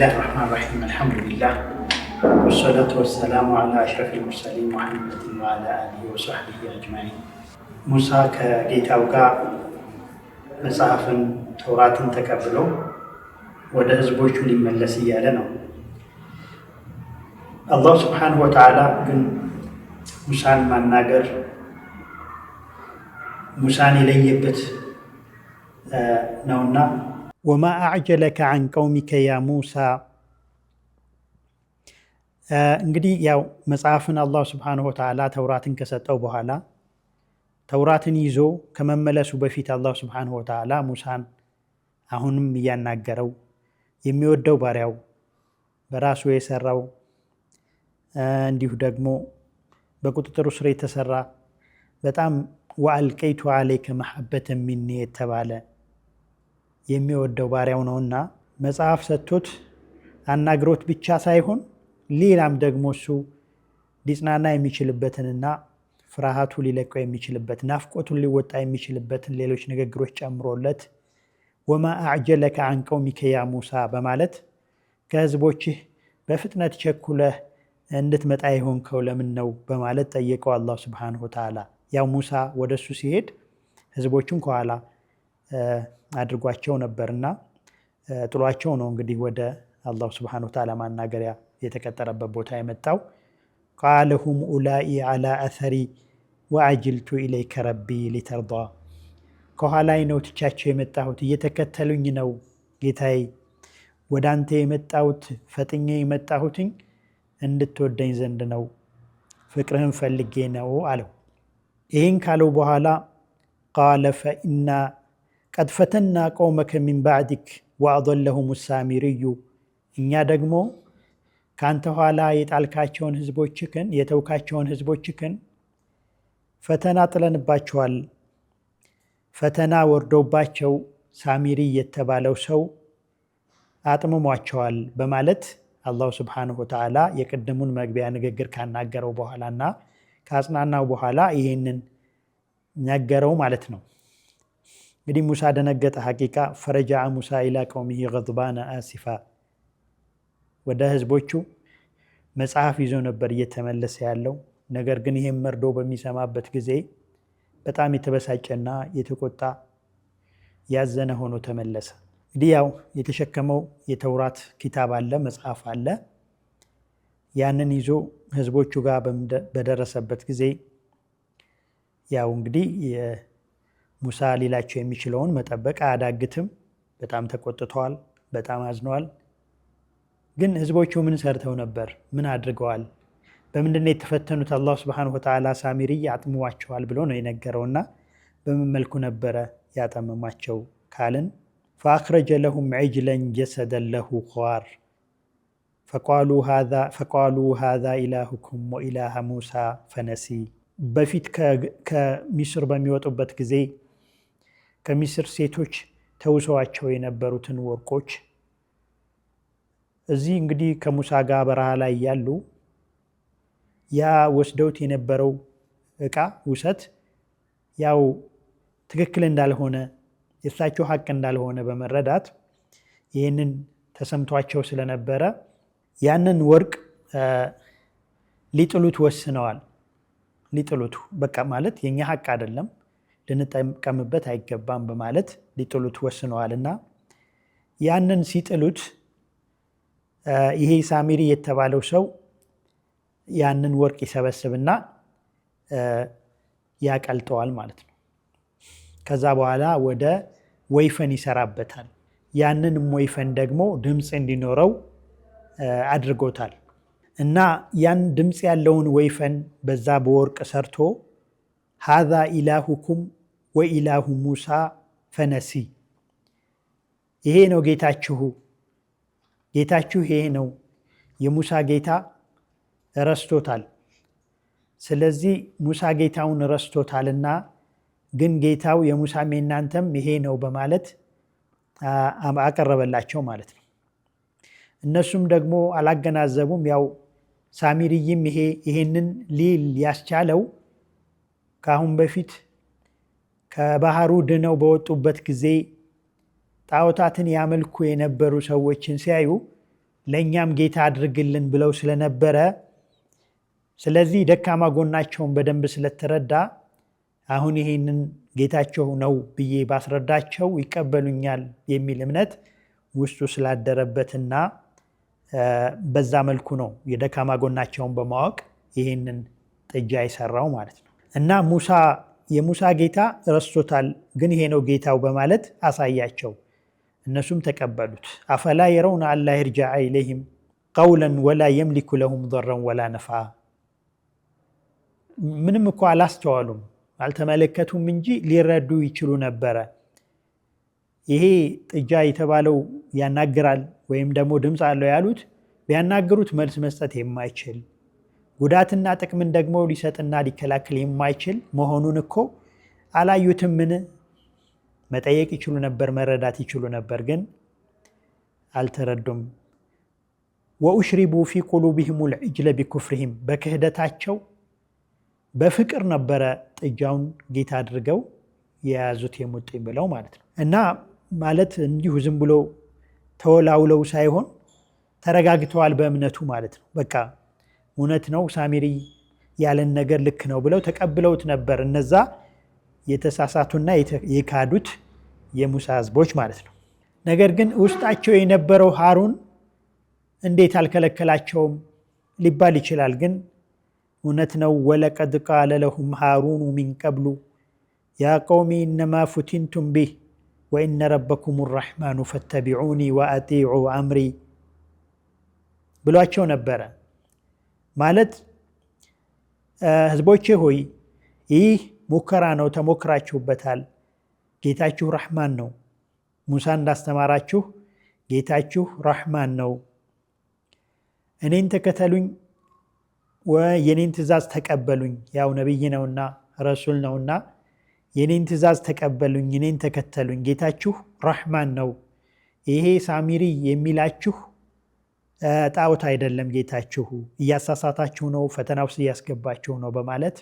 الله الرحمن الرحيم الحمد لله والصلاة والسلام على أشرف المرسلين محمد وعلى آله وصحبه أجمعين ሙሳ ከጌታው ጋር መጽሐፍን ተውራትን ተቀብሎ ወደ ህዝቦቹ ሊመለስ እያለ ነው። አላህ ስብሓንሁ ወተዓላ ግን ሙሳን ማናገር ሙሳን የለየበት ነውና ወማ አዕጀለከ አን ቀውሚከ ያ ሙሳ እንግዲህ ያው መጽሐፍን አላህ ስብሓነሁ ወተዓላ ተውራትን ከሰጠው በኋላ ተውራትን ይዞ ከመመለሱ በፊት አላህ ስብሓነሁ ወተዓላ ሙሳን አሁንም እያናገረው የሚወደው ባሪያው በራሱ የሰራው እንዲሁ ደግሞ በቁጥጥሩ ስር የተሰራ በጣም ወአልቀይቱ ዓለይከ መሐበተ ሚኒ የተባለ የሚወደው ባሪያው ነውና መጽሐፍ ሰጥቶት አናግሮት ብቻ ሳይሆን ሌላም ደግሞ እሱ ሊጽናና የሚችልበትንና ፍርሃቱ ሊለቀው የሚችልበት ናፍቆቱን ሊወጣ የሚችልበትን ሌሎች ንግግሮች ጨምሮለት ወማ አዕጀለከ አን ቀውሚከ ያ ሙሳ በማለት ከህዝቦችህ በፍጥነት ቸኩለህ እንድትመጣ የሆንከው ለምን ነው በማለት ጠየቀው አላህ ስብሓነሁ ወተዓላ። ያው ሙሳ ወደሱ ሲሄድ ህዝቦቹን ከኋላ አድርጓቸው ነበርና ጥሏቸው ነው እንግዲህ ወደ አላሁ ስብሓነ ወተዓላ ማናገሪያ የተቀጠረበት ቦታ የመጣው። ቃለ ሁም ኡላኢ ዓላ አሰሪ ወአጅልቱ ኢለይከ ረቢ ሊተርዳ። ከኋላይ ነው ትቻቸው የመጣሁት እየተከተሉኝ ነው ጌታዬ፣ ወደ አንተ የመጣሁት ፈጥኜ የመጣሁትኝ እንድትወደኝ ዘንድ ነው፣ ፍቅርህን ፈልጌ ነው አለው። ይህን ካለው በኋላ ቃለ ፈኢና ቀድ ፈተና ቀውመከ ሚን ባዕዲክ ወአደለሁም ሳሚርዩ እኛ ደግሞ ከአንተ ኋላ የጣልካቸውን ህዝቦችህን የተውካቸውን ህዝቦችህን ፈተና ጥለንባቸዋል። ፈተና ወርዶባቸው ሳሚሪ የተባለው ሰው አጥምሟቸዋል በማለት አላሁ ስብሓነሁ ወተዓላ የቅድሙን መግቢያ ንግግር ካናገረው በኋላና ከአጽናናው በኋላ ይህንን ነገረው ማለት ነው። እንግዲህ ሙሳ ደነገጠ። ሐቂቃ ፈረጃ ሙሳ ኢላ ቀውሚሂ ገድባነ አሲፋ ወደ ህዝቦቹ መጽሐፍ ይዞ ነበር እየተመለሰ ያለው። ነገር ግን ይህም መርዶ በሚሰማበት ጊዜ በጣም የተበሳጨና የተቆጣ ያዘነ ሆኖ ተመለሰ። እንግዲህ ያው የተሸከመው የተውራት ኪታብ አለ፣ መጽሐፍ አለ። ያንን ይዞ ህዝቦቹ ጋር በደረሰበት ጊዜ ያው እንግዲህ ሙሳ ሊላቸው የሚችለውን መጠበቅ አያዳግትም። በጣም ተቆጥተዋል፣ በጣም አዝነዋል። ግን ህዝቦቹ ምን ሰርተው ነበር? ምን አድርገዋል? በምንድን የተፈተኑት? አላህ ስብሐነሁ ወተዓላ ሳሚሪ ያጥምዋቸዋል ብሎ ነው የነገረውና በምን መልኩ ነበረ ያጠመማቸው ካልን ፈአክረጀ ለሁም ዕጅለን ጀሰደን ለሁ ኸዋር ፈቃሉ ሃዛ ኢላሁኩም ወኢላሃ ሙሳ ፈነሲ። በፊት ከሚስር በሚወጡበት ጊዜ ከሚስር ሴቶች ተውሰዋቸው የነበሩትን ወርቆች እዚህ እንግዲህ ከሙሳ ጋር በረሃ ላይ ያሉ ያ ወስደውት የነበረው እቃ ውሰት ያው ትክክል እንዳልሆነ የእሳቸው ሀቅ እንዳልሆነ በመረዳት ይህንን ተሰምቷቸው ስለነበረ ያንን ወርቅ ሊጥሉት ወስነዋል። ሊጥሉት በቃ ማለት የኛ ሀቅ አይደለም ልንጠቀምበት አይገባም በማለት ሊጥሉት ወስነዋል እና ያንን ሲጥሉት ይሄ ሳሚሪ የተባለው ሰው ያንን ወርቅ ይሰበስብና ያቀልጠዋል ማለት ነው። ከዛ በኋላ ወደ ወይፈን ይሰራበታል። ያንንም ወይፈን ደግሞ ድምፅ እንዲኖረው አድርጎታል እና ያን ድምፅ ያለውን ወይፈን በዛ በወርቅ ሰርቶ ሃዛ ኢላሁኩም ወኢላሁ ሙሳ ፈነሲ ይሄ ነው ጌታችሁ ጌታችሁ ይሄ ነው የሙሳ ጌታ ረስቶታል ስለዚህ ሙሳ ጌታውን ረስቶታልና ግን ጌታው የሙሳም የእናንተም ይሄ ነው በማለት አቀረበላቸው ማለት ነው እነሱም ደግሞ አላገናዘቡም ያው ሳሚርይም ይሄንን ሊል ያስቻለው ከአሁን በፊት ከባህሩ ድነው በወጡበት ጊዜ ጣዖታትን ያመልኩ የነበሩ ሰዎችን ሲያዩ ለእኛም ጌታ አድርግልን ብለው ስለነበረ ስለዚህ ደካማ ጎናቸውን በደንብ ስለተረዳ አሁን ይሄንን ጌታቸው ነው ብዬ ባስረዳቸው ይቀበሉኛል የሚል እምነት ውስጡ ስላደረበትና በዛ መልኩ ነው የደካማ ጎናቸውን በማወቅ ይህንን ጥጃ የሰራው ማለት ነው። እና ሙሳ የሙሳ ጌታ ረስቶታል፣ ግን ይሄ ነው ጌታው በማለት አሳያቸው። እነሱም ተቀበሉት። አፈላ የረውነ አላ ይርጃዐ ኢለይህም ቀውለን ወላ የምሊኩ ለሁም ضረን ወላ ነፋ። ምንም እኮ አላስተዋሉም አልተመለከቱም እንጂ ሊረዱ ይችሉ ነበረ። ይሄ ጥጃ የተባለው ያናግራል ወይም ደግሞ ድምፅ አለው ያሉት ቢያናግሩት መልስ መስጠት የማይችል ጉዳትና ጥቅምን ደግሞ ሊሰጥና ሊከላከል የማይችል መሆኑን እኮ አላዩትም? ምን መጠየቅ ይችሉ ነበር፣ መረዳት ይችሉ ነበር፣ ግን አልተረዱም። ወኡሽሪቡ ፊ ቁሉብህም ልዕጅለ ቢኩፍርህም በክህደታቸው በፍቅር ነበረ ጥጃውን ጌታ አድርገው የያዙት የሙጥኝ ብለው ማለት ነው። እና ማለት እንዲሁ ዝም ብሎ ተወላውለው ሳይሆን ተረጋግተዋል በእምነቱ ማለት ነው በቃ እውነት ነው ሳሚሪ ያለን ነገር ልክ ነው ብለው ተቀብለውት ነበር። እነዛ የተሳሳቱና የካዱት የሙሳ ህዝቦች ማለት ነው። ነገር ግን ውስጣቸው የነበረው ሀሩን እንዴት አልከለከላቸውም ሊባል ይችላል። ግን እውነት ነው ወለቀድ ቃለ ለሁም ሃሩኑ ሚን ቀብሉ ያ ቀውሚ እነማ ፉቲንቱም ቢህ ወኢነ ረበኩም ራሕማኑ ፈተቢዑኒ ወአጢዑ አምሪ ብሏቸው ነበረ። ማለት ህዝቦቼ ሆይ ይህ ሙከራ ነው፣ ተሞክራችሁበታል። ጌታችሁ ረህማን ነው። ሙሳ እንዳስተማራችሁ ጌታችሁ ረህማን ነው። እኔን ተከተሉኝ፣ የኔን ትእዛዝ ተቀበሉኝ። ያው ነቢይ ነውና ረሱል ነውና የኔን ትእዛዝ ተቀበሉኝ፣ እኔን ተከተሉኝ። ጌታችሁ ረህማን ነው። ይሄ ሳሚሪ የሚላችሁ ጣዖት አይደለም ጌታችሁ፣ እያሳሳታችሁ ነው፣ ፈተና ውስጥ እያስገባችሁ ነው በማለት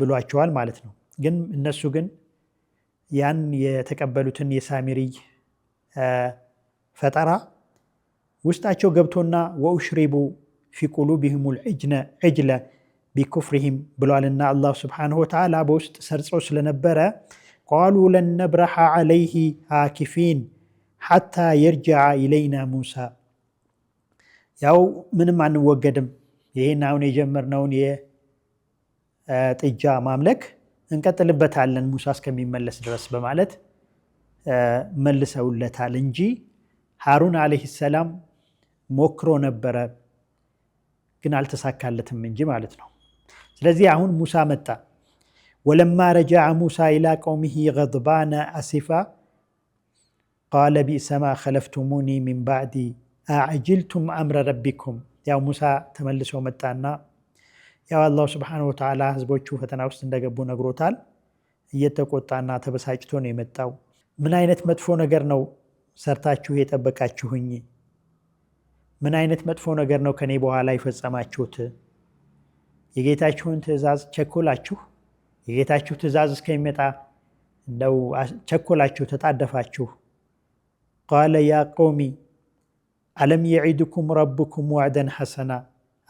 ብሏቸዋል ማለት ነው። ግን እነሱ ግን ያን የተቀበሉትን የሳሚሪ ፈጠራ ውስጣቸው ገብቶና ወኡሽሪቡ ፊ ልዕጅነ ዕጅለ ቢኩፍሪሂም ብሏልና አላሁ ስብሓነሁ ወተዓላ በውስጥ ሰርጸው ስለነበረ ቃሉ ለን ነብረሐ ዓለይሂ አኪፊን ሓታ የርጅዐ ኢለይና ሙሳ ያው ምንም አንወገድም። ይህን አሁን የጀመርነውን የጥጃ ማምለክ እንቀጥልበታለን ሙሳ እስከሚመለስ ድረስ በማለት መልሰውለታል እንጂ ሀሩን ዓለይሂ ሰላም ሞክሮ ነበረ፣ ግን አልተሳካለትም እንጂ ማለት ነው። ስለዚህ አሁን ሙሳ መጣ። ወለማ ረጃዐ ሙሳ ኢላ ቀውሚሂ ገድባነ አሲፋ ቃለ ቢእሰማ ከለፍቱሙኒ ሚን ባዕዲ አዕጅልቱም አምረ ረቢኩም። ያው ሙሳ ተመልሶ መጣና ያው አላሁ ስብሓነሁ ወተዓላ ህዝቦቹ ፈተና ውስጥ እንደገቡ ነግሮታል። እየተቆጣና ተበሳጭቶ ነው የመጣው። ምን አይነት መጥፎ ነገር ነው ሰርታችሁ የጠበቃችሁኝ? ምን አይነት መጥፎ ነገር ነው ከኔ በኋላ የፈጸማችሁት? የጌታችሁን ትእዛዝ ቸኮላችሁ። የጌታችሁ ትእዛዝ እስከሚመጣ እንደው ቸኮላችሁ፣ ተጣደፋችሁ። ቃለ ያ ቆሚ? አለም የዒድኩም ረብኩም ዋዕደን ሐሰና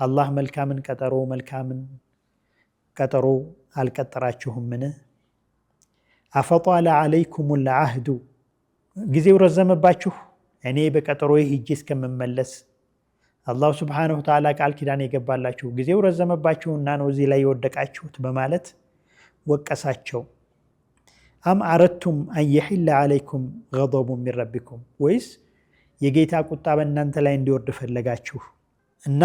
አላህ መልካምን ቀጠሮ መልካምን ቀጠሮ አልቀጠራችሁምን? አፈጧለ ዓለይኩም ልዓህዱ ጊዜው ረዘመባችሁ፣ እኔ በቀጠሮ ሂጄ እስከምመለስ አላሁ ስብሓነሁ ተዓላ ቃል ኪዳን የገባላችሁ ጊዜው ረዘመባችሁና ነው እዚህ ላይ የወደቃችሁት በማለት ወቀሳቸው። አም አረድቱም አንየሒለ ዓለይኩም ገደቡ ሚን ረቢኩም ወይስ የጌታ ቁጣ በእናንተ ላይ እንዲወርድ ፈለጋችሁ እና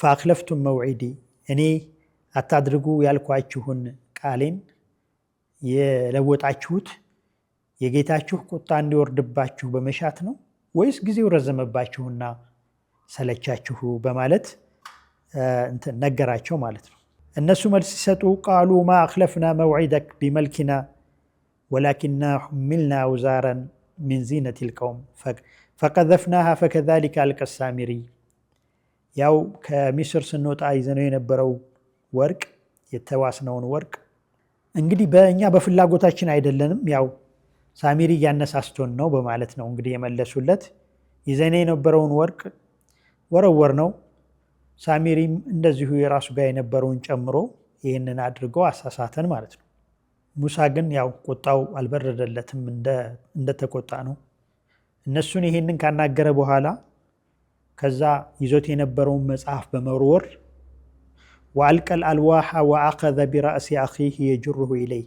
ፈአክለፍቱም መውዒዲ እኔ አታድርጉ ያልኳችሁን ቃሌን የለወጣችሁት የጌታችሁ ቁጣ እንዲወርድባችሁ በመሻት ነው ወይስ ጊዜው ረዘመባችሁና ሰለቻችሁ በማለት ነገራቸው ማለት ነው። እነሱ መልስ ሲሰጡ ቃሉ ማ አክለፍና መውዒደክ ቢመልኪና ወላኪና ሑሚልና አውዛረን ሚን ዚነት ልቀውም ፈቀዘፍናሃ ፈከዛሊከ አልቀሳሚሪ ያው ከሚስር ስንወጣ ይዘነው የነበረው ወርቅ የተዋስነውን ወርቅ እንግዲህ በእኛ በፍላጎታችን አይደለንም፣ ያው ሳሚሪ እያነሳስቶን ነው በማለት ነው እንግዲህ የመለሱለት። ይዘኔ የነበረውን ወርቅ ወረወር ነው። ሳሚሪም እንደዚሁ የራሱ ጋር የነበረውን ጨምሮ ይህንን አድርጎ አሳሳተን ማለት ነው። ሙሳ ግን ያው ቁጣው አልበረደለትም፣ እንደተቆጣ ነው። እነሱን ይሄንን ካናገረ በኋላ ከዛ ይዞት የነበረውን መጽሐፍ በመወርወር ወአልቀል አልዋሓ ወአኸዘ ቢራእሲ አኺህ የጅሩሁ ኢለይ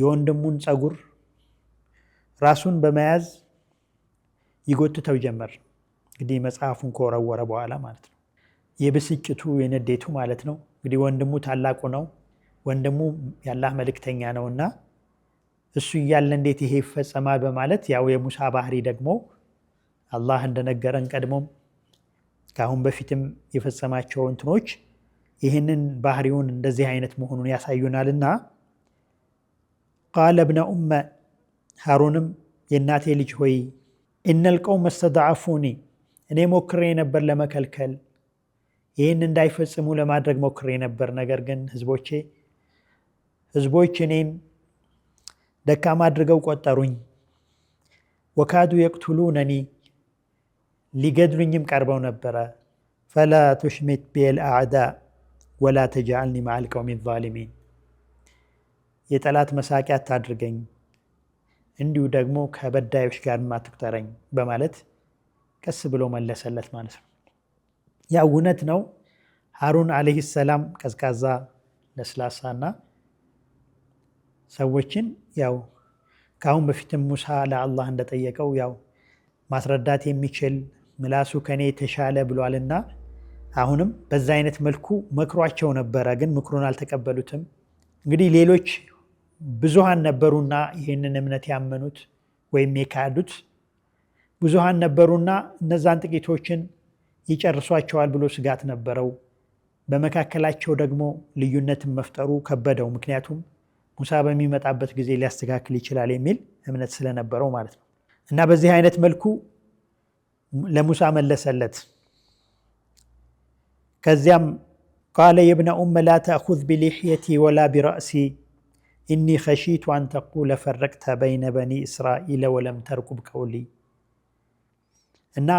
የወንድሙን ፀጉር ራሱን በመያዝ ይጎትተው ጀመር። እንግዲህ መጽሐፉን ከወረወረ በኋላ ማለት ነው። የብስጭቱ የንዴቱ ማለት ነው። እንግዲህ ወንድሙ ታላቁ ነው። ወንድሙ የአላህ መልእክተኛ ነውና እሱ እያለ እንዴት ይሄ ይፈጸማል? በማለት ያው የሙሳ ባህሪ ደግሞ አላህ እንደነገረን ቀድሞም ከአሁን በፊትም የፈጸማቸው እንትኖች ይህንን ባህሪውን እንደዚህ አይነት መሆኑን ያሳዩናልና ቃለ እብነ ኡመ ሃሩንም የእናቴ ልጅ ሆይ እነልቀው መስተዳዓፉኒ እኔ ሞክሬ ነበር ለመከልከል ይህን እንዳይፈጽሙ ለማድረግ ሞክሬ ነበር ነገር ግን ህዝቦቼ ህዝቦች እኔም ደካማ አድርገው ቆጠሩኝ። ወካዱ ነኒ ሊገድሉኝም ቀርበው ነበረ። ፈላ ቱሽሚት ቤል አዕዳ ወላ ተጃአልኒ መዓል ቀውሚ ዛሊሚን የጠላት መሳቂያ አታድርገኝ፣ እንዲሁ ደግሞ ከበዳዮች ጋር ማትቁጠረኝ በማለት ቀስ ብሎ መለሰለት ማለት ነው። ያ እውነት ነው። ሃሩን ዓለይህ ሰላም ቀዝቃዛ ለስላሳ እና ሰዎችን ያው ከአሁን በፊትም ሙሳ ለአላህ እንደጠየቀው ያው ማስረዳት የሚችል ምላሱ ከኔ የተሻለ ብሏልና አሁንም በዛ አይነት መልኩ መክሯቸው ነበረ። ግን ምክሩን አልተቀበሉትም። እንግዲህ ሌሎች ብዙሃን ነበሩና ይህንን እምነት ያመኑት ወይም የካዱት ብዙሃን ነበሩና እነዛን ጥቂቶችን ይጨርሷቸዋል ብሎ ስጋት ነበረው። በመካከላቸው ደግሞ ልዩነትን መፍጠሩ ከበደው። ምክንያቱም ሙሳ በሚመጣበት ጊዜ ሊያስተካክል ይችላል የሚል እምነት ስለነበረው ማለት ነው። እና በዚህ አይነት መልኩ ለሙሳ መለሰለት። ከዚያም ቃለ የብነ ኡመ ላ ተእኹዝ ቢሊሕየቲ ወላ ቢረእሲ ኢኒ ኸሺቱ አን ተቁለ ፈረቅተ በይነ በኒ እስራኢለ ወለም ተርቁብ ቀውሊ። እና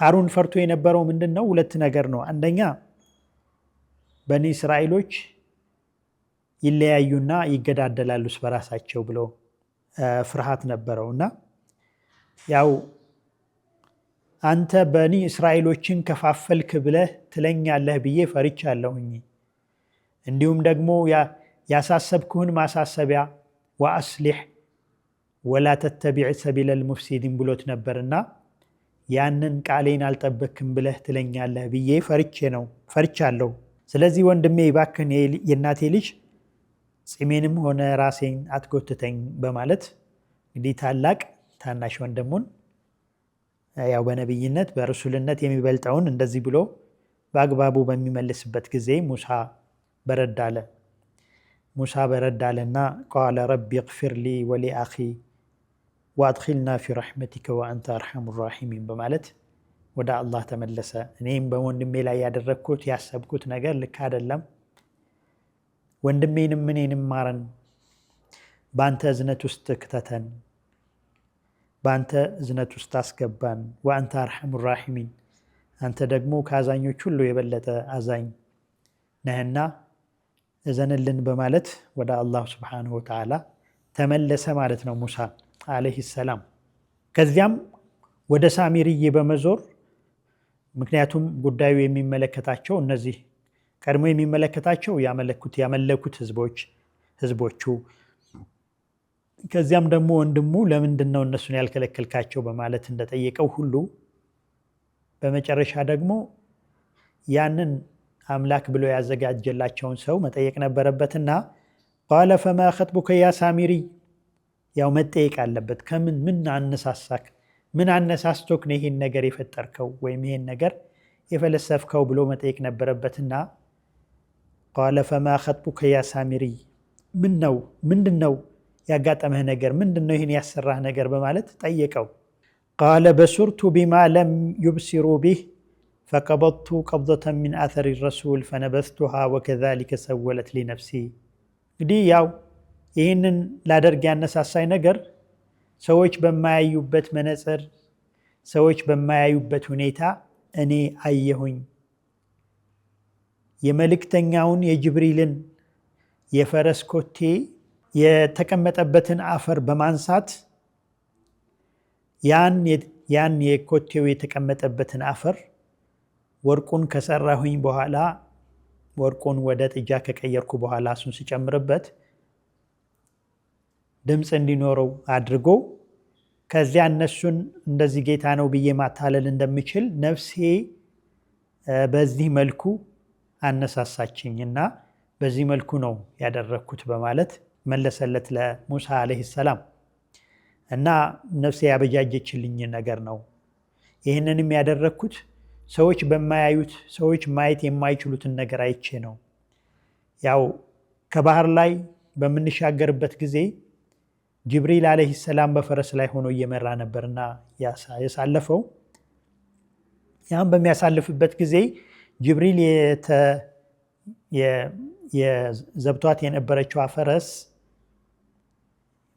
ሃሩን ፈርቶ የነበረው ምንድን ነው? ሁለት ነገር ነው። አንደኛ በኒ እስራኤሎች ይለያዩና ይገዳደላሉ በራሳቸው ብሎ ፍርሃት ነበረው እና ያው አንተ በኒ እስራኤሎችን ከፋፈልክ ብለህ ትለኛለህ ብዬ ፈርቻለሁኝ። እንዲሁም ደግሞ ያሳሰብክሁን ማሳሰቢያ ወአስሊሕ ወላ ተተቢዕ ሰቢለ ሙፍሲዲን ብሎት ነበርና ያንን ቃሌን አልጠበክም ብለህ ትለኛለህ ብዬ ፈርቼ ነው ፈርቻለሁ። ስለዚህ ወንድሜ እባክህን የእናቴ ልጅ ጽሜንም ሆነ ራሴን አትጎትተኝ በማለት እንግዲህ ታላቅ ታናሽ ወንድሙን ያው በነቢይነት በርሱልነት የሚበልጠውን እንደዚህ ብሎ በአግባቡ በሚመልስበት ጊዜ ሙሳ በረድ አለ። ሙሳ በረድ አለና ቃለ ረቢ እግፊር ሊ ወሊ አኺ ወአድኪልና ፊ ረሕመቲከ ወአንተ አርሐሙ ራሒሚን በማለት ወደ አላህ ተመለሰ። እኔም በወንድሜ ላይ ያደረግኩት ያሰብኩት ነገር ልክ አይደለም ወንድሜንም እኔንም ማረን። በአንተ እዝነት ውስጥ ክተተን፣ በአንተ እዝነት ውስጥ አስገባን። ወአንተ አርሐሙ ራሒሚን፣ አንተ ደግሞ ከአዛኞች ሁሉ የበለጠ አዛኝ ነህና እዘንልን በማለት ወደ አላሁ ስብሓነሁ ወተዓላ ተመለሰ ማለት ነው ሙሳ ዓለይሂ ሰላም። ከዚያም ወደ ሳሚርዬ በመዞር ምክንያቱም ጉዳዩ የሚመለከታቸው እነዚህ ቀድሞ የሚመለከታቸው ያመለኩት ያመለኩት ህዝቦች ህዝቦቹ ከዚያም ደግሞ ወንድሙ ለምንድን ነው እነሱን ያልከለከልካቸው በማለት እንደጠየቀው ሁሉ በመጨረሻ ደግሞ ያንን አምላክ ብሎ ያዘጋጀላቸውን ሰው መጠየቅ ነበረበትና ቃለ ፈማ ኸጥቡከ ያ ሳሚሪ ያው መጠየቅ አለበት። ከምን ምን አነሳሳክ? ምን አነሳስቶክ ነው ይሄን ነገር የፈጠርከው ወይም ይሄን ነገር የፈለሰፍከው ብሎ መጠየቅ ነበረበትና ቃለ ፈማ ኸጥቡከ ያ ሳሚሪ፣ ምን ነው ምንድን ነው ያጋጠመህ ነገር ምንድን ነው ይህን ያሰራህ ነገር በማለት ጠየቀው። ቃለ በሱርቱ ቢማ ለም ዩብሲሩ ቢህ ፈቀበቱ ቀብضተን ሚን አተሪ ረሱል ፈነበስቱሃ ወከዛሊከ ሰወለት ሊነፍሲ። እንግዲህ ያው ይህንን ላደርግ ያነሳሳይ ነገር ሰዎች በማያዩበት መነጽር ሰዎች በማያዩበት ሁኔታ እኔ አየሁኝ የመልእክተኛውን የጅብሪልን የፈረስ ኮቴ የተቀመጠበትን አፈር በማንሳት ያን የኮቴው የተቀመጠበትን አፈር ወርቁን ከሰራሁኝ በኋላ ወርቁን ወደ ጥጃ ከቀየርኩ በኋላ እሱን ስጨምርበት ድምፅ እንዲኖረው አድርጎ ከዚያ እነሱን እንደዚህ ጌታ ነው ብዬ ማታለል እንደምችል ነፍሴ በዚህ መልኩ አነሳሳችኝና በዚህ መልኩ ነው ያደረግኩት በማለት መለሰለት ለሙሳ ዓለይሂ ሰላም። እና ነፍሴ ያበጃጀችልኝ ነገር ነው። ይህንንም ያደረግኩት ሰዎች በማያዩት ሰዎች ማየት የማይችሉትን ነገር አይቼ ነው። ያው ከባህር ላይ በምንሻገርበት ጊዜ ጅብሪል ዓለይሂ ሰላም በፈረስ ላይ ሆኖ እየመራ ነበርና ያሳለፈው። ያም በሚያሳልፍበት ጊዜ ጅብሪል የዘብቷት የነበረችው ፈረስ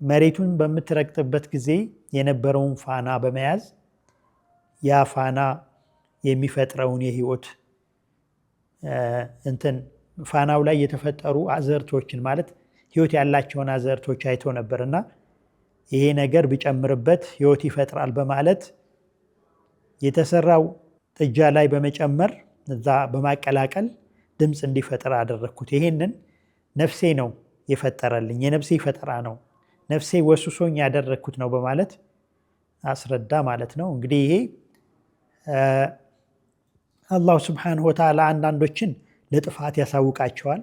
መሬቱን በምትረግጥበት ጊዜ የነበረውን ፋና በመያዝ ያ ፋና የሚፈጥረውን የህይወት እንትን ፋናው ላይ የተፈጠሩ አዘርቶችን ማለት ህይወት ያላቸውን አዘርቶች አይቶ ነበር እና ይሄ ነገር ቢጨምርበት ህይወት ይፈጥራል በማለት የተሰራው ጥጃ ላይ በመጨመር እዛ በማቀላቀል ድምፅ እንዲፈጥር አደረግኩት። ይሄንን ነፍሴ ነው የፈጠረልኝ፣ የነፍሴ ፈጠራ ነው፣ ነፍሴ ወስሶኝ ያደረግኩት ነው በማለት አስረዳ ማለት ነው። እንግዲህ ይሄ አላሁ ስብሓነሁ ወተዓላ አንዳንዶችን ለጥፋት ያሳውቃቸዋል፣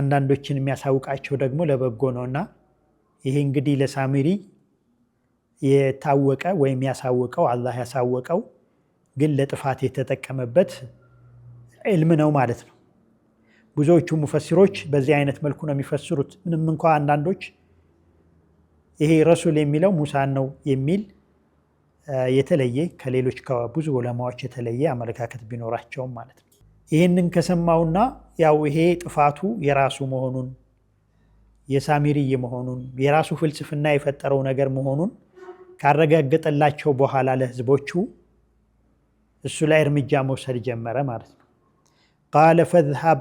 አንዳንዶችን የሚያሳውቃቸው ደግሞ ለበጎ ነው እና ይሄ እንግዲህ ለሳሚሪ የታወቀ ወይም ያሳወቀው አላህ ያሳወቀው ግን ለጥፋት የተጠቀመበት ዕልም ነው ማለት ነው። ብዙዎቹ ሙፈሲሮች በዚህ አይነት መልኩ ነው የሚፈስሩት። ምንም እንኳ አንዳንዶች ይሄ ረሱል የሚለው ሙሳን ነው የሚል የተለየ ከሌሎች ከብዙ ዑለማዎች የተለየ አመለካከት ቢኖራቸውም ማለት ነው። ይህንን ከሰማውና ያው ይሄ ጥፋቱ የራሱ መሆኑን የሳሚሪይ መሆኑን የራሱ ፍልስፍና የፈጠረው ነገር መሆኑን ካረጋገጠላቸው በኋላ ለህዝቦቹ እሱ ላይ እርምጃ መውሰድ ጀመረ ማለት ነው። ቃለ ፈዝሀብ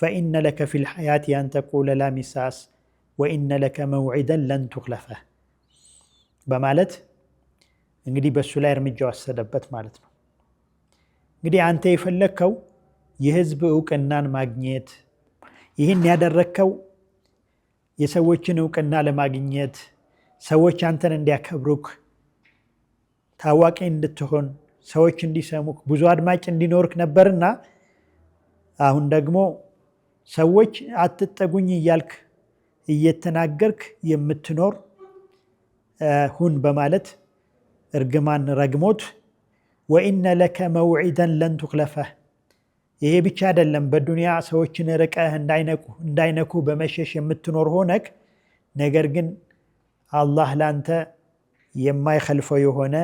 ፈኢነ ለከ ፊ ልሐያት አን ተቁለ ሚሳስ ወኢነ ለከ መውዒደን ለን ቱክለፈ በማለት እንግዲህ በእሱ ላይ እርምጃ ወሰደበት ማለት ነው። እንግዲህ አንተ የፈለግከው የህዝብ እውቅናን ማግኘት፣ ይህን ያደረግከው የሰዎችን እውቅና ለማግኘት ሰዎች አንተን እንዲያከብሩክ ታዋቂ እንድትሆን ሰዎች እንዲሰሙክ ብዙ አድማጭ እንዲኖርክ ነበርና አሁን ደግሞ ሰዎች አትጠጉኝ እያልክ እየተናገርክ የምትኖር ሁን በማለት እርግማን ረግሞት ወኢነ ለከ መውዒደን ለን ቱክለፈህ ይሄ ብቻ አይደለም። በዱንያ ሰዎችን ርቀህ እንዳይነኩ በመሸሽ የምትኖር ሆነክ ነገር ግን አላህ ላንተ የማይከልፈው የሆነ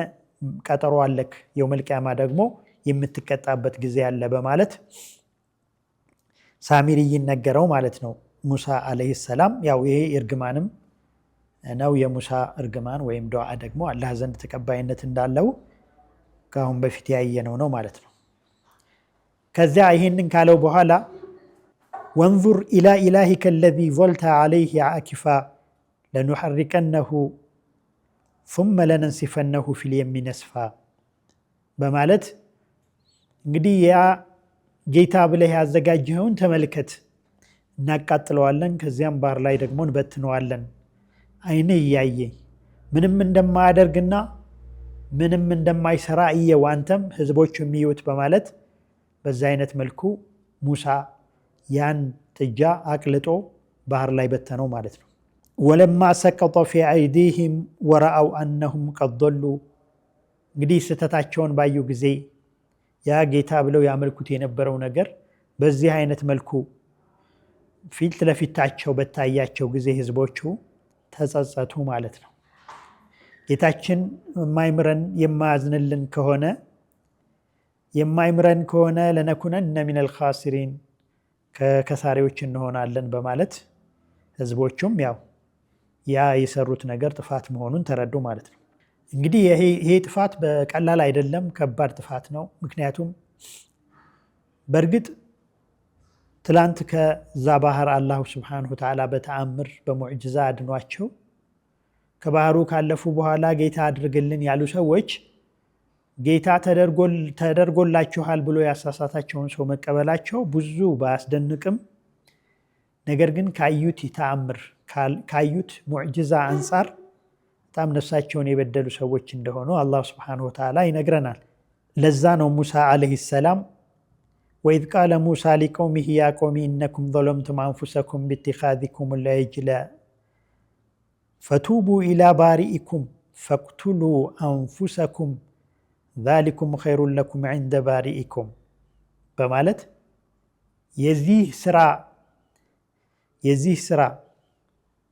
ቀጠሮ አለክ የውመል ቂያማ ደግሞ የምትቀጣበት ጊዜ አለ በማለት ሳሚሪ ይነገረው ማለት ነው። ሙሳ አለይሂ ሰላም ያው ይሄ እርግማንም ነው። የሙሳ እርግማን ወይም ዱዓ ደግሞ አላህ ዘንድ ተቀባይነት እንዳለው ከአሁን በፊት ያየነው ነው ማለት ነው። ከዚያ ይሄንን ካለው በኋላ ወንዙር ኢላ ኢላሂከ ለዚ ዞልተ ዓለይህ አኪፋ ለኑሐሪቀነሁ ሱመ ለነንሲፈነሁ ፊል የሚ በማለት እንግዲህ ያ ጌታ ብለህ ያዘጋጀኸውን ተመልከት፣ እናቃጥለዋለን፣ ከዚያም ባህር ላይ ደግሞ እንበትነዋለን። አይን እያየ ምንም እንደማያደርግና ምንም እንደማይሰራ እየው አንተም ህዝቦች የሚዩት በማለት በዛ አይነት መልኩ ሙሳ ያን ጥጃ አቅልጦ ባህር ላይ በተነው ማለት ነው። ወለማ ሰቀጦ ፊ አይዲህም ወረአው አነሁም ቀድ ዶሉ እንግዲህ ስህተታቸውን ባዩ ጊዜ ያ ጌታ ብለው ያመልኩት የነበረው ነገር በዚህ አይነት መልኩ ፊት ለፊታቸው በታያቸው ጊዜ ህዝቦቹ ተጸጸቱ ማለት ነው። ጌታችን የማይምረን የማያዝንልን ከሆነ የማይምረን ከሆነ ለነኩነነ ሚነል ኻሲሪን ከከሳሪዎች እንሆናለን በማለት ህዝቦቹም ያው ያ የሰሩት ነገር ጥፋት መሆኑን ተረዱ ማለት ነው። እንግዲህ ይሄ ጥፋት በቀላል አይደለም፣ ከባድ ጥፋት ነው። ምክንያቱም በእርግጥ ትላንት ከዛ ባህር አላሁ ስብሓነሁ ተዓላ በተአምር በሙዕጅዛ አድኗቸው ከባህሩ ካለፉ በኋላ ጌታ አድርግልን ያሉ ሰዎች ጌታ ተደርጎላችኋል ብሎ ያሳሳታቸውን ሰው መቀበላቸው ብዙ ባያስደንቅም ነገር ግን ካዩት የተአምር ካዩት ሙዕጅዛ አንጻር በጣም ነፍሳቸውን የበደሉ ሰዎች እንደሆኑ አላህ ስብሓነሁ ወተዓላ ይነግረናል። ለዛ ነው ሙሳ ዓለይሂ ሰላም ወኢዝ ቃለ ሙሳ ሊቀውሚህ ያ ቀውሚ ኢነኩም ዘለምቱም አንፉሰኩም ቢኢትኻዚኩም አልዒጅለ ፈቱቡ ኢላ ባሪኢኩም ፈቅቱሉ አንፉሰኩም ዛሊኩም ኸይሩን ለኩም ዒንደ ባሪኢኩም በማለት የዚህ ስራ የዚህ ስራ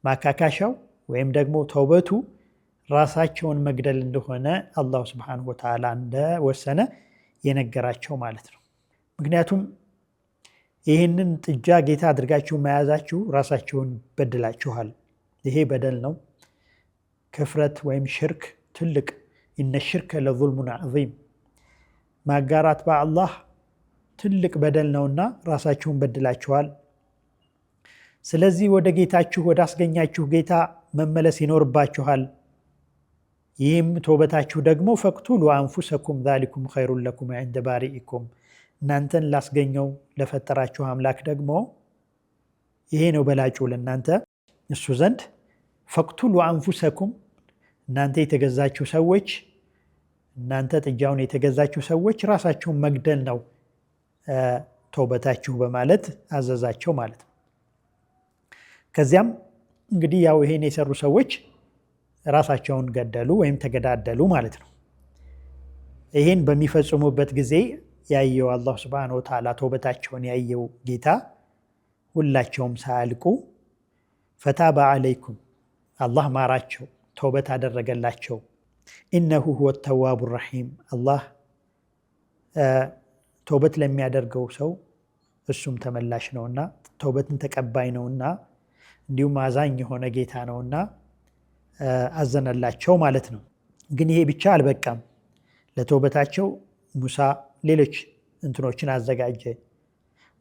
ማካካሻው ወይም ደግሞ ተውበቱ ራሳቸውን መግደል እንደሆነ አላሁ ስብሓነሁ ወተዓላ እንደወሰነ የነገራቸው ማለት ነው። ምክንያቱም ይህንን ጥጃ ጌታ አድርጋችሁ መያዛችሁ ራሳቸውን በድላችኋል። ይሄ በደል ነው። ክፍረት ወይም ሽርክ ትልቅ ኢነ ሽርከ ለዙልሙን ዐዚም ማጋራት በአላህ ትልቅ በደል ነውና ራሳችሁን በድላችኋል ስለዚህ ወደ ጌታችሁ ወደ አስገኛችሁ ጌታ መመለስ ይኖርባችኋል። ይህም ተውበታችሁ ደግሞ ፈቅቱሉ አንፉሰኩም ዛሊኩም ኸይሩን ለኩም ዐንደ ባሪኢኩም፣ እናንተን ላስገኘው ለፈጠራችሁ አምላክ ደግሞ ይሄ ነው በላጩ ለእናንተ እሱ ዘንድ። ፈቅቱሉ አንፉሰኩም፣ እናንተ የተገዛችሁ ሰዎች እናንተ ጥጃውን የተገዛችሁ ሰዎች ራሳችሁን መግደል ነው ተውበታችሁ በማለት አዘዛቸው ማለት ነው። ከዚያም እንግዲህ ያው ይሄን የሰሩ ሰዎች ራሳቸውን ገደሉ ወይም ተገዳደሉ ማለት ነው። ይሄን በሚፈጽሙበት ጊዜ ያየው አላህ ስብሐነሁ ወተዓላ ተውበታቸውን ያየው ጌታ ሁላቸውም ሳያልቁ ፈታበ አለይኩም አላህ ማራቸው፣ ተውበት አደረገላቸው። ኢነሁ ሁወ ተዋቡ ራሒም አላህ ተውበት ለሚያደርገው ሰው እሱም ተመላሽ ነውና ተውበትን ተቀባይ ነውና እንዲሁም አዛኝ የሆነ ጌታ ነውና አዘነላቸው ማለት ነው። ግን ይሄ ብቻ አልበቃም። ለተውበታቸው ሙሳ ሌሎች እንትኖችን አዘጋጀ።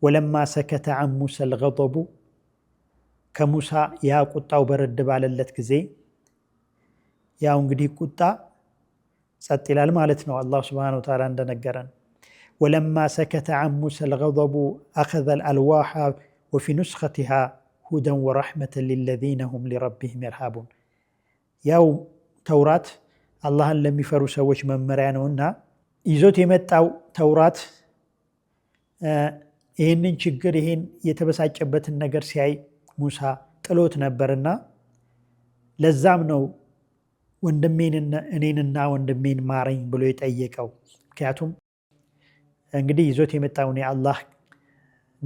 ወለማ ሰከተ አን ሙሳ ልገضቡ ከሙሳ ያ ቁጣው በረድ ባለለት ጊዜ ያው እንግዲህ ቁጣ ጸጥ ይላል ማለት ነው። አላህ ስብሓነሁ ወተዓላ እንደነገረን ወለማ ሰከተ አን ሙሳ ልገضቡ አኸዘ ልአልዋሓ ወፊ ኑስኸቲሃ ሁደን ወረሕመተን ሊለዚነ ሁም ሊረቢህም የርሃቡን። ያው ተውራት አላህን ለሚፈሩ ሰዎች መመሪያ ነውና ይዞት የመጣው ተውራት ይህንን ችግር ይህን የተበሳጨበትን ነገር ሲያይ ሙሳ ጥሎት ነበርና ለዛም ነው እኔንና ወንድሜን ማረኝ ብሎ የጠየቀው። ምክንያቱም እንግዲህ ይዞት የመጣውን የአላህ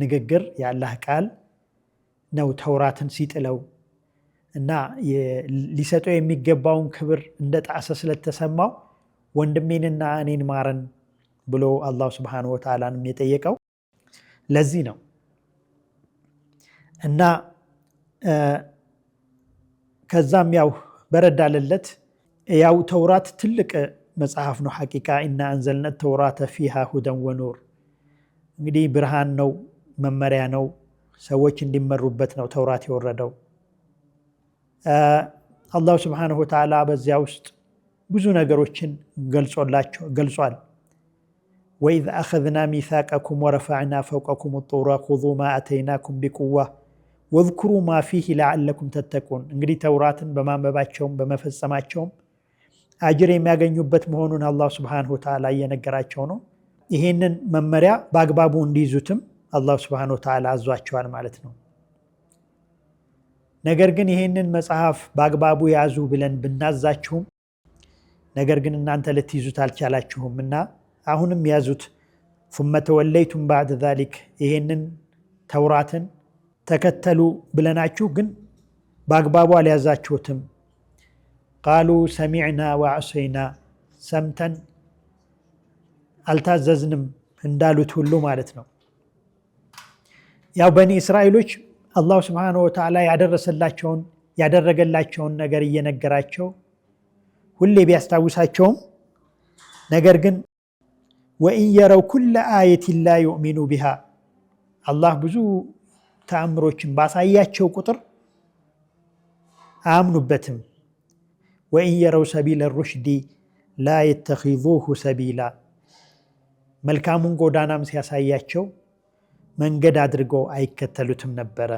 ንግግር የአላህ ቃል ነው ተውራትን ሲጥለው እና ሊሰጠው የሚገባውን ክብር እንደ ጣሰ ስለተሰማው ወንድሜንና እኔን ማረን ብሎ አላሁ ስብሓነሁ ወተዓላንም የጠየቀው ለዚህ ነው እና ከዛም ያው በረዳለለት ያው ተውራት ትልቅ መጽሐፍ ነው። ሐቂቃ ኢና አንዘልነት ተውራተ ፊሃ ሁደን ወኑር እንግዲህ ብርሃን ነው፣ መመሪያ ነው ሰዎች እንዲመሩበት ነው ተውራት የወረደው። አላሁ ስብሓነሁ ወተዓላ በዚያ ውስጥ ብዙ ነገሮችን ገልጿል። ወኢዝ አኸዝና ሚሳቀኩም ወረፋዕና ፈውቀኩም ጡራ ኹዙ ማ አተይናኩም ቢቁዋ ወዝኩሩ ማ ፊህ ለዓለኩም ተተቁን። እንግዲህ ተውራትን በማንበባቸውም በመፈጸማቸውም አጅር የሚያገኙበት መሆኑን አላሁ ስብሓነሁ ወተዓላ እየነገራቸው ነው። ይህንን መመሪያ በአግባቡ እንዲይዙትም አላሁ ስብሐነሁ ወተዓላ አዟቸዋል ማለት ነው። ነገር ግን ይህንን መጽሐፍ በአግባቡ ያዙ ብለን ብናዛችሁም ነገር ግን እናንተ ልትይዙት አልቻላችሁም እና አሁንም ያዙት ፉመ ተወለይቱም ባዕድ ዛሊክ ይህንን ተውራትን ተከተሉ ብለናችሁ ግን በአግባቡ አልያዛችሁትም። ቃሉ ሰሚዕና ወዐሰይና ሰምተን አልታዘዝንም እንዳሉት ሁሉ ማለት ነው። ያው በኒ እስራኤሎች አላሁ ስብሓነ ወተዓላ ያደረሰላቸውን ያደረገላቸውን ነገር እየነገራቸው ሁሌ ቢያስታውሳቸውም ነገር ግን ወኢን የረው ኩለ አየትን ላ ዩእሚኑ ቢሃ አላህ ብዙ ተአምሮችን ባሳያቸው ቁጥር አያምኑበትም። ወኢን የረው ሰቢለ ሩሽዲ ላ የተኪዙሁ ሰቢላ መልካሙን ጎዳናም ሲያሳያቸው መንገድ አድርጎ አይከተሉትም ነበረ።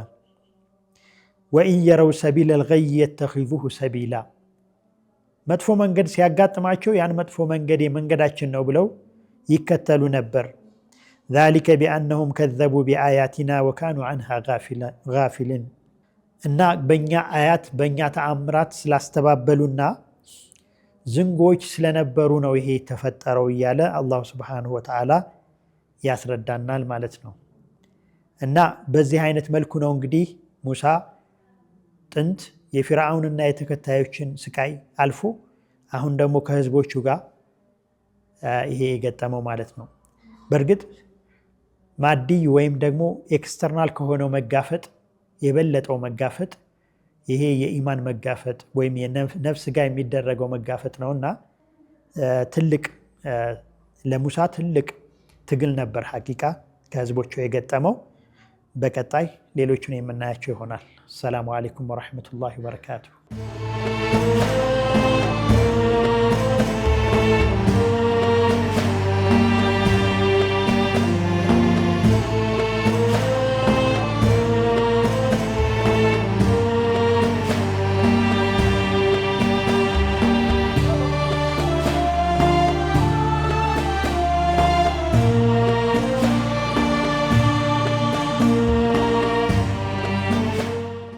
ወኢን የረው ሰቢለ ልገይ የተኺዙሁ ሰቢላ መጥፎ መንገድ ሲያጋጥማቸው ያን መጥፎ መንገድ የመንገዳችን ነው ብለው ይከተሉ ነበር። ዛሊከ ቢአነሁም ከዘቡ ቢአያቲና ወካኑ አንሃ ጋፊልን እና በእኛ አያት በእኛ ተአምራት ስላስተባበሉና ዝንጎች ስለነበሩ ነው ይሄ የተፈጠረው እያለ አላሁ ስብሓነሁ ወተዓላ ያስረዳናል ማለት ነው። እና በዚህ አይነት መልኩ ነው እንግዲህ ሙሳ ጥንት የፊርአውንና የተከታዮችን ስቃይ አልፎ አሁን ደግሞ ከህዝቦቹ ጋር ይሄ የገጠመው ማለት ነው። በእርግጥ ማዲይ ወይም ደግሞ ኤክስተርናል ከሆነው መጋፈጥ የበለጠው መጋፈጥ ይሄ የኢማን መጋፈጥ ወይም የነፍስ ጋር የሚደረገው መጋፈጥ ነው እና ትልቅ ለሙሳ ትልቅ ትግል ነበር ሐቂቃ ከህዝቦቹ የገጠመው። በቀጣይ ሌሎቹን የምናያቸው ይሆናል። ሰላሙ አሌይኩም ወረሕመቱላሂ ወበረካቱሁ።